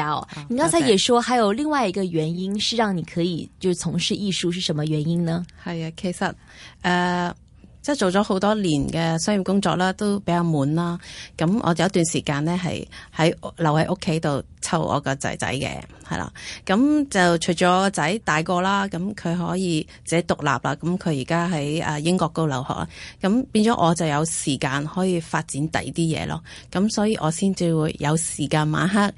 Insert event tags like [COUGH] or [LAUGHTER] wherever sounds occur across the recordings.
啊、你剛才也說，還有另外一個原因是讓你可以就從事藝術，是什麼原因呢？係啊，其實誒，即、呃、係做咗好多年嘅商業工作啦，都比較悶啦。咁我有一段時間咧，係喺留喺屋企度湊我個仔仔嘅。係啦，咁就除咗仔大個啦，咁佢可以自己獨立啦，咁佢而家喺誒英國嗰度留學啦，咁變咗我就有時間可以發展第二啲嘢咯，咁所以我先至會有時間晚黑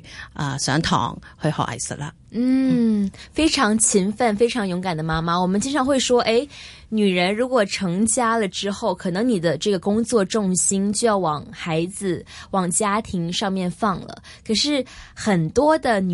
去誒上堂去學藝術啦。嗯，非常勤奮、非常勇敢的媽媽，我們經常會說，誒、哎，女人如果成家了之後，可能你的這個工作重心就要往孩子、往家庭上面放了。可是很多的女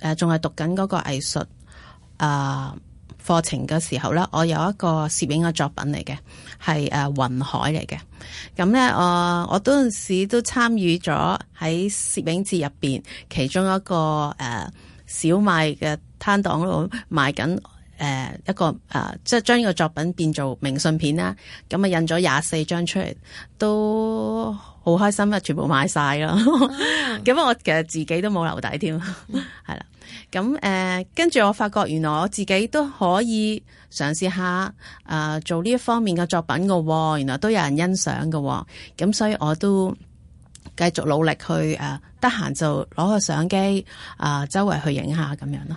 誒仲係讀緊嗰個藝術啊課程嘅時候呢，我有一個攝影嘅作品嚟嘅，係雲海嚟嘅。咁咧，我我嗰陣時都參與咗喺攝影節入邊，其中一個誒、啊、小賣嘅攤檔度賣緊。誒、呃，一個誒，即係將呢個作品變做明信片啦，咁、嗯、啊印咗廿四張出嚟，都好開心啊！全部買晒咯，咁、 [LAUGHS] 嗯、我其實自己都冇留底添，係、嗯、啦。咁 [LAUGHS] 誒，跟住、呃、我發覺，原來我自己都可以嘗試下誒、呃，做呢一方面嘅作品喎、哦，原來都有人欣賞喎、哦。咁所以我都繼續努力去誒，得、呃、閒就攞個相機啊、呃，周圍去影下咁樣咯。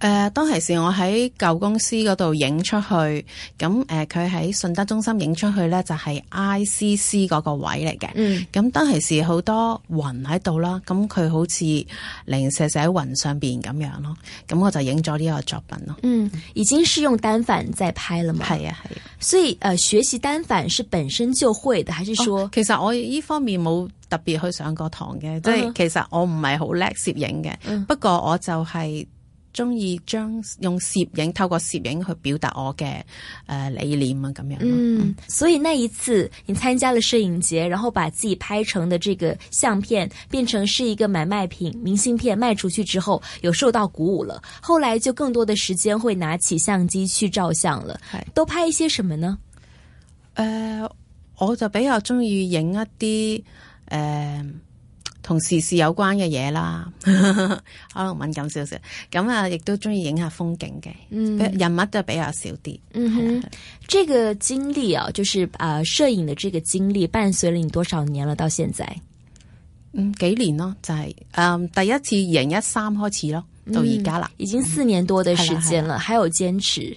誒、呃，當其時我喺舊公司嗰度影出去，咁誒，佢喺信德中心影出去咧，就係、是、ICC 嗰個位嚟嘅。嗯，咁當其時多雲在這裡好多雲喺度啦，咁佢好似雷射射喺雲上邊咁樣咯，咁我就影咗呢個作品咯。嗯，已經是用單反在拍啦嘛。係啊，係、啊。所以誒、呃，學習單反是本身就會的，還是說？哦、其實我呢方面冇特別去上過堂嘅，即、uh-huh. 係其實我唔係好叻攝影嘅、嗯，不過我就係、是。中意將用攝影透過攝影去表達我嘅誒、呃、理念啊，咁樣。嗯，所以那一次你參加了攝影節，然後把自己拍成的這個相片變成是一個買賣品明信片賣出去之後，有受到鼓舞了。後來就更多的時間會拿起相機去照相了。係，都拍一些什麼呢？誒、呃，我就比較中意影一啲誒。呃同時事有關嘅嘢啦， [LAUGHS] 可能敏感少少，咁啊，亦都中意影下風景嘅、嗯，人物都係比較少啲。嗯哼，這個經歷啊，就是啊、呃，攝影的這個經歷伴隨了你多少年了？到現在，嗯，幾年咯，就係、是、嗯、呃，第一次二零一三開始咯，到而家啦，已經四年多的時間了，嗯、還有堅持。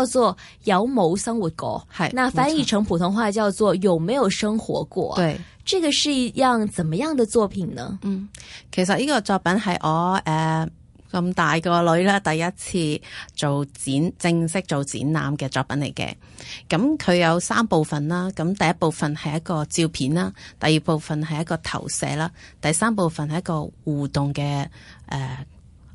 叫做“有冇生活過”，係，嗱，翻譯成普通話叫做“有沒有生活過”。對，這個是一樣怎麼樣的作品呢？嗯，其實呢個作品係我誒咁、呃、大個女啦，第一次做展，正式做展覽嘅作品嚟嘅。咁佢有三部分啦，咁第一部分係一個照片啦，第二部分係一個投射啦，第三部分係一個互動嘅誒。呃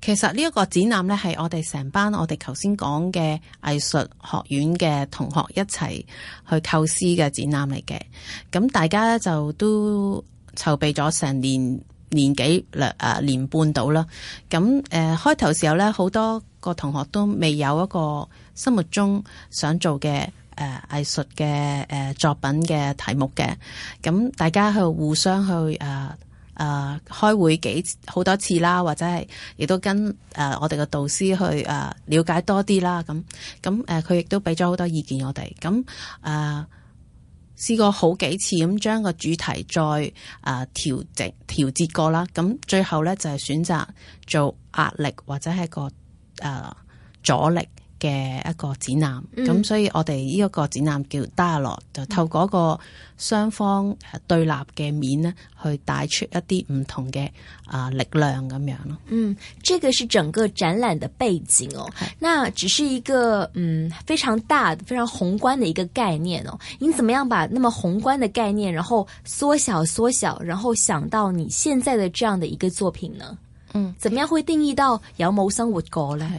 其實呢一個展覽咧，係我哋成班我哋頭先講嘅藝術學院嘅同學一齊去構思嘅展覽嚟嘅。咁大家咧就都籌備咗成年年幾兩誒年半到啦。咁誒開頭時候咧，好多個同學都未有一個心目中想做嘅誒、呃、藝術嘅誒、呃、作品嘅題目嘅。咁大家去互相去誒。呃誒、呃、開會幾好多次啦，或者係亦都跟誒、呃、我哋嘅導師去誒、呃、了解多啲啦，咁咁誒、呃、佢亦都俾咗好多意見我哋，咁誒、呃、試過好幾次咁將個主題再誒、呃、調整調節過啦，咁最後咧就係、是、選擇做壓力或者係個誒、呃、阻力。嘅一個展覽，咁、嗯、所以我哋呢一個展覽叫《Dialogue》，就透過一個雙方對立嘅面呢，去帶出一啲唔同嘅啊力量咁樣咯。嗯，這個是整個展覽的背景哦。那只是一個嗯非常大、非常宏觀的一個概念哦。你怎麼樣把那麼宏觀的概念，然後縮小、縮小，然後想到你現在的這樣的一個作品呢？嗯，怎麼樣會定義到有冇生活過呢？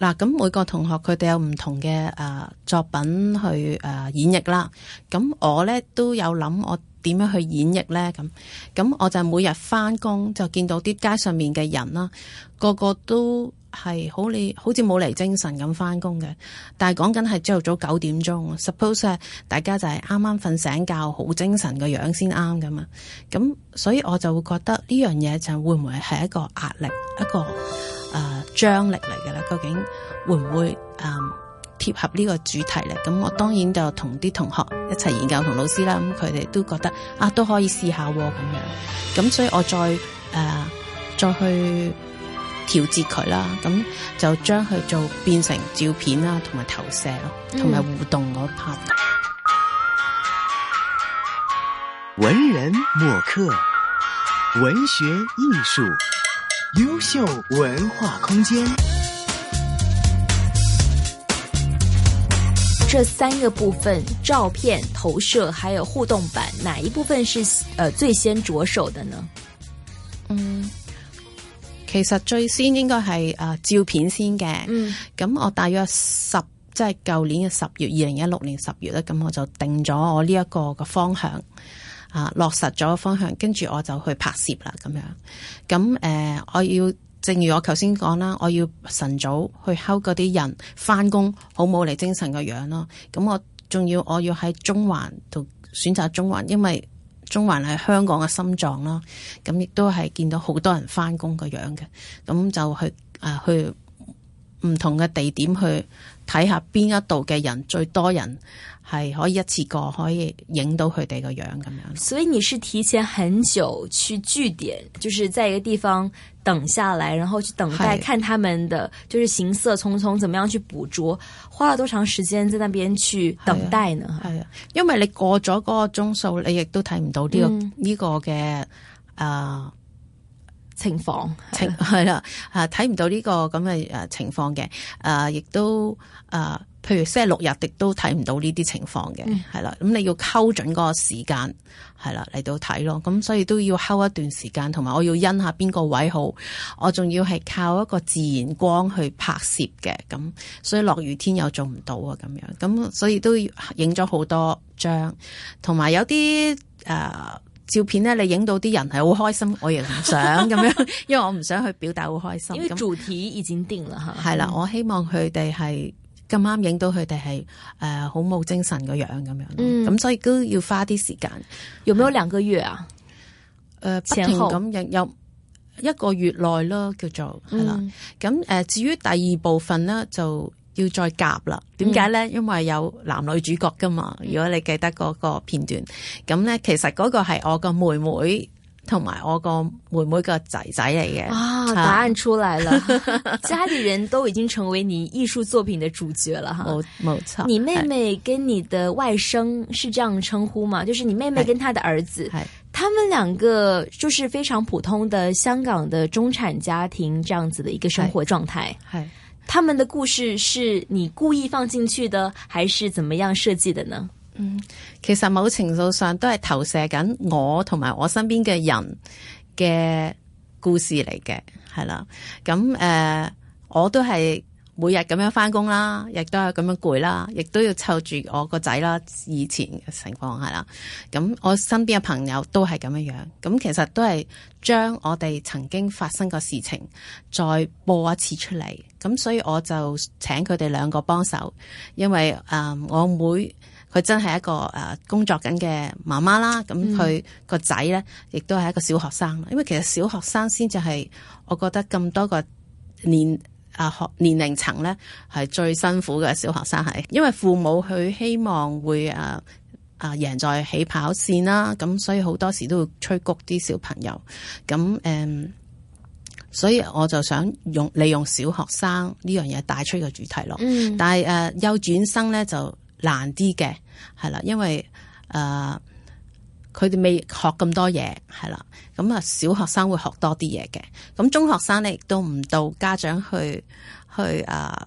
嗱，咁每個同學佢哋有唔同嘅誒作品去誒演繹啦。咁我呢都有諗我點樣去演繹呢？咁。咁我就每日返工就見到啲街上面嘅人啦，個個都係好你好似冇嚟精神咁返工嘅。但係講緊係朝頭早九點鐘，suppose 大家就係啱啱瞓醒覺好精神嘅樣先啱㗎嘛。咁所以我就會覺得呢樣嘢就會唔會係一個壓力一個張力嚟噶啦，究竟會唔會誒貼、嗯、合呢個主題咧？咁我當然就同啲同學一齊研究同老師啦，咁佢哋都覺得啊都可以試下咁、哦、樣，咁所以我再誒、呃、再去調節佢啦，咁就將佢做變成照片啦，同埋投射咯，同、嗯、埋互動，我拍文人墨客，文學藝術、優秀文化空間，這三個部分：照片、投射，還有互動版。哪一部分是呃最先着手的呢？嗯，其實最先應該係、呃、照片先嘅。嗯，咁我大約十即係舊年嘅十月，二零一六年十月咧，咁我就定咗我呢一個嘅方向。啊！落實咗方向，跟住我就去拍攝啦，咁樣咁、誒、呃，我要正如我頭先講啦，我要晨早去敲嗰啲人翻工，好冇嚟精神個樣咯。咁我仲要我要喺中環度選擇中環，因為中環係香港嘅心臟啦。咁亦都係見到好多人翻工個樣嘅，咁就去誒、啊、去。唔同嘅地點，去睇下邊一度嘅人最多人，係可以一次過可以影到佢哋個樣咁樣。所以你是提前很久去據點，就是在一個地方等下來，然後去等待看他們的，就是行色匆匆，怎麼樣去捕捉，花了多長時間在那邊去等待呢？係啊，啊，因為你過咗嗰個鐘數，你亦都睇唔到呢、呢個呢、嗯呢個嘅啊。呃情況，係啦，啊，睇唔到呢、這個咁嘅誒情況嘅，誒、啊，亦都誒，譬、啊、如星期六日亦都睇唔到呢啲情況嘅，係、嗯、啦，咁你要溝準嗰個時間，係啦，嚟到睇咯。咁所以都要溝一段時間，同埋我要因一下邊個位好，我仲要係靠一個自然光去拍攝嘅，咁所以落雨天又做唔到啊，咁樣，咁所以都要影咗好多張，同埋有啲誒。啊照片咧，你影到啲人係好開心，我亦唔想咁樣， [LAUGHS] 因為我唔想去表達好開心。因為主題已經定啦，係、嗯、啦，我希望佢哋係咁啱影到佢哋係誒好冇精神個樣咁樣，咁、嗯、所以都要花啲時間。有沒有兩個月啊？誒，前後咁、呃、有一個月內咯，叫做係啦。咁、嗯、誒、呃，至於第二部分咧，就。要再夾啦？點解呢？因為有男女主角噶嘛？如果你記得嗰個片段，咁呢，其實嗰個係我個妹妹同埋我個妹妹個仔仔嚟嘅。啊、哦，答案出來了， [LAUGHS] 家裏人都已經成為你藝術作品的主角了哈。冇冇錯，你妹妹跟你的外甥是這樣稱呼嗎？就是你妹妹跟他的兒子，他們兩個就是非常普通的香港的中產家庭，這樣子的一個生活狀態。他們的故事是你故意放進去的，還是怎麼樣設計的呢？嗯，其實某程度上都係投射緊我同埋我身邊嘅人嘅故事嚟嘅，係啦，咁誒，呃，我都係。每日咁樣翻工啦，亦都係咁樣攰啦，亦都要湊住我個仔啦。以前嘅情況係啦，咁我身邊嘅朋友都係咁樣樣，咁其實都係將我哋曾經發生過事情再播一次出嚟。咁所以我就請佢哋兩個幫手，因為誒、呃、我妹佢真係一個誒、呃、工作緊嘅媽媽啦。咁佢個仔呢，亦都係一個小學生，因為其實小學生先至係、是、我覺得咁多個年啊，學年齡層咧係最辛苦嘅，小學生係，因為父母佢希望會啊啊贏在起跑線啦，咁所以好多時都會催谷啲小朋友，咁、嗯、所以我就想用利用小學生呢樣嘢帶出個主題咯、嗯。但係誒、呃、幼轉生咧就難啲嘅，係啦，因為誒。呃佢哋未學咁多嘢，係啦，咁啊小學生會學多啲嘢嘅，咁中學生咧亦都唔到家長去去啊。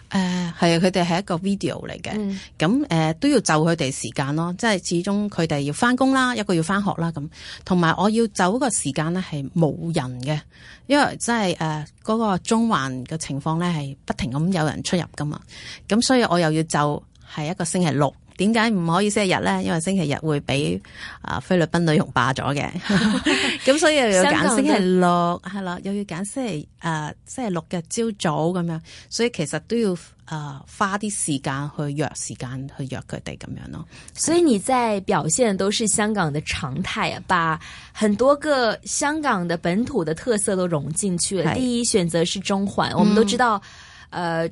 誒、呃、啊，佢哋係一個 video 嚟嘅，咁、嗯、誒、呃、都要就佢哋時間咯，即係始終佢哋要翻工啦，一個要翻學啦咁，同埋我要就個時間咧係冇人嘅，因為即係誒嗰個中環嘅情況咧係不停咁有人出入噶嘛，咁所以我又要就係一個星期六，點解唔可以星期日咧？因為星期日會俾啊、呃、菲律賓女傭霸咗嘅。 [LAUGHS] 咁所以又要揀星期六，係啦，又要揀星期誒，即、呃、星期六日朝早咁樣，所以其實都要誒、呃、花啲時間去約時間去約佢哋咁樣咯。所以你在表現都是香港的常態，把很多個香港的本土的特色都融進去了。第一選擇是中環，嗯、我們都知道，誒、呃。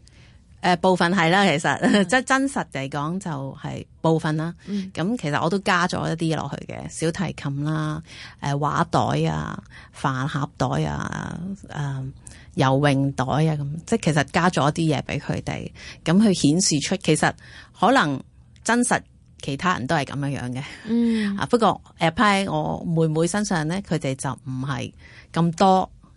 誒部分係啦，其實即係真實嚟講就係部分啦。咁、嗯、其實我都加咗一啲落去嘅小提琴啦、誒、呃、畫袋啊、飯盒袋啊、誒、呃、游泳袋啊，咁即其實加咗啲嘢俾佢哋，咁去顯示出其實可能真實其他人都係咁樣樣嘅。嗯，啊不過誒喺我妹妹身上咧，佢哋就唔係咁多。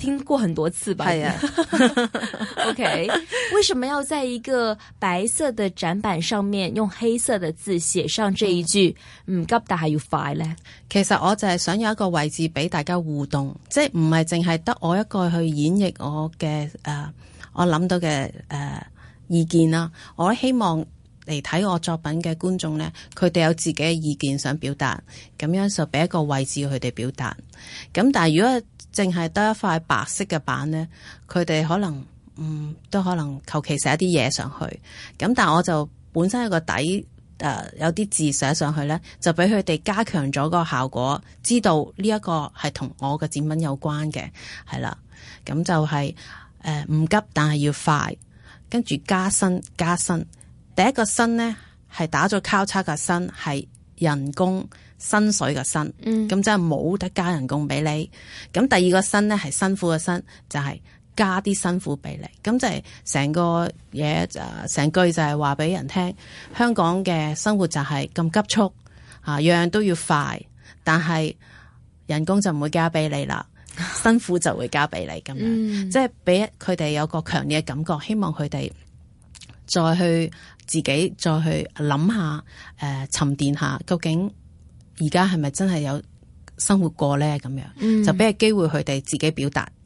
聽過很多次吧？係啊 [LAUGHS] 。OK， [LAUGHS] 為什麼要在一個白色的展板上面用黑色的字寫上這一句唔急，但係要快呢？」其實我就係想有一個位置俾大家互動，即係唔係淨係得我一個去演繹我嘅誒、呃，我諗到嘅誒、呃、意見啦。我希望嚟睇我作品嘅觀眾呢，佢哋有自己嘅意見想表達，咁樣就俾一個位置佢哋表達。咁但係如果，淨係得一塊白色嘅板呢，佢哋可能唔、嗯、都可能求其寫啲嘢上去。咁但係我就本身有個底，誒有啲字寫上去呢，就俾佢哋加強咗個效果，知道呢一個係同我嘅展品有關嘅，係啦。咁就係、是、唔、呃、急，但係要快，跟住加薪，加薪。第一個薪呢，係打咗交叉嘅薪，係人工。薪水嘅薪，咁即係冇得加人工俾你。咁第二個薪咧，係辛苦嘅薪，就係、是、加啲辛苦俾你。咁即係成個嘢，成句就係話俾人聽，香港嘅生活就係咁急促，啊樣樣都要快，但係人工就唔會加俾你啦，辛苦就會加俾你咁樣，即係俾佢哋有個強烈嘅感覺，希望佢哋再去自己再去諗下，誒、呃、沉澱下究竟。而家係咪真係有生活過咧？咁樣，嗯，就俾個機會佢哋自己表達。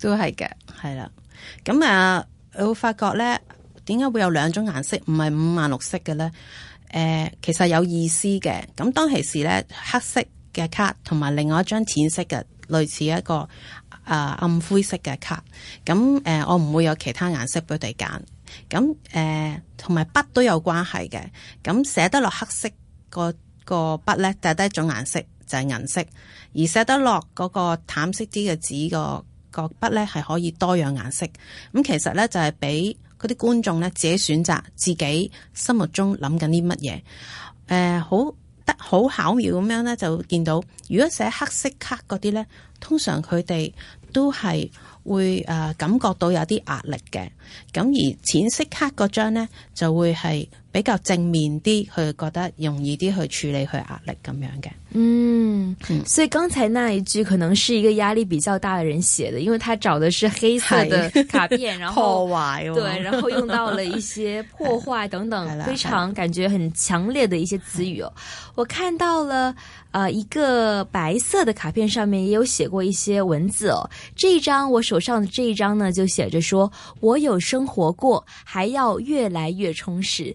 都係嘅，係啦。咁啊，你會發覺咧，點解會有兩種顏色唔係五顏六色嘅咧？誒、呃，其實有意思嘅。咁當其時咧，黑色嘅卡同埋另外一張淺色嘅，類似一個、呃、暗灰色嘅卡。咁誒、呃，我唔會有其他顏色俾佢哋揀。咁誒，同、呃、埋筆都有關係嘅。咁寫得落黑色嗰、那個筆咧，就係第一種顏色就係、是、銀色，而寫得落嗰個淡色啲嘅紙個。鉛、那個、筆咧係可以多樣顏色，咁其實咧就係俾嗰啲觀眾咧自己選擇，自己心目中諗緊啲乜嘢。誒、呃，好得好巧妙咁樣咧，就見到如果寫黑色卡嗰啲咧，通常佢哋都係會、呃、感覺到有啲壓力嘅，咁而淺色卡嗰張咧就會係。比較正面啲，去覺得容易啲去處理佢壓力咁樣嘅。嗯。嗯，所以剛才那一句可能是一個壓力比較大嘅人寫的，因為他找的是黑色的卡片，然後破壞。對，然後用到了一些破壞等等， [LAUGHS] 非常感覺很強烈的一些詞語哦。我看到了，呃一個白色的卡片上面也有寫過一些文字哦。這一張我手上的這一張呢，就寫着說：我有生活過，還要越來越充實。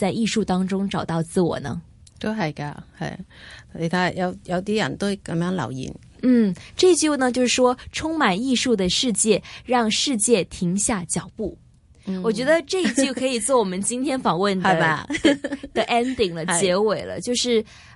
在藝術當中找到自我呢？都係噶，係你睇有有啲人都咁樣留言。嗯，這句呢就是說，充滿藝術的世界讓世界停下腳步，嗯。我覺得這一句可以做我們今天訪問對吧？ [LAUGHS] 的 ending 了， [LAUGHS] 結尾了，就是。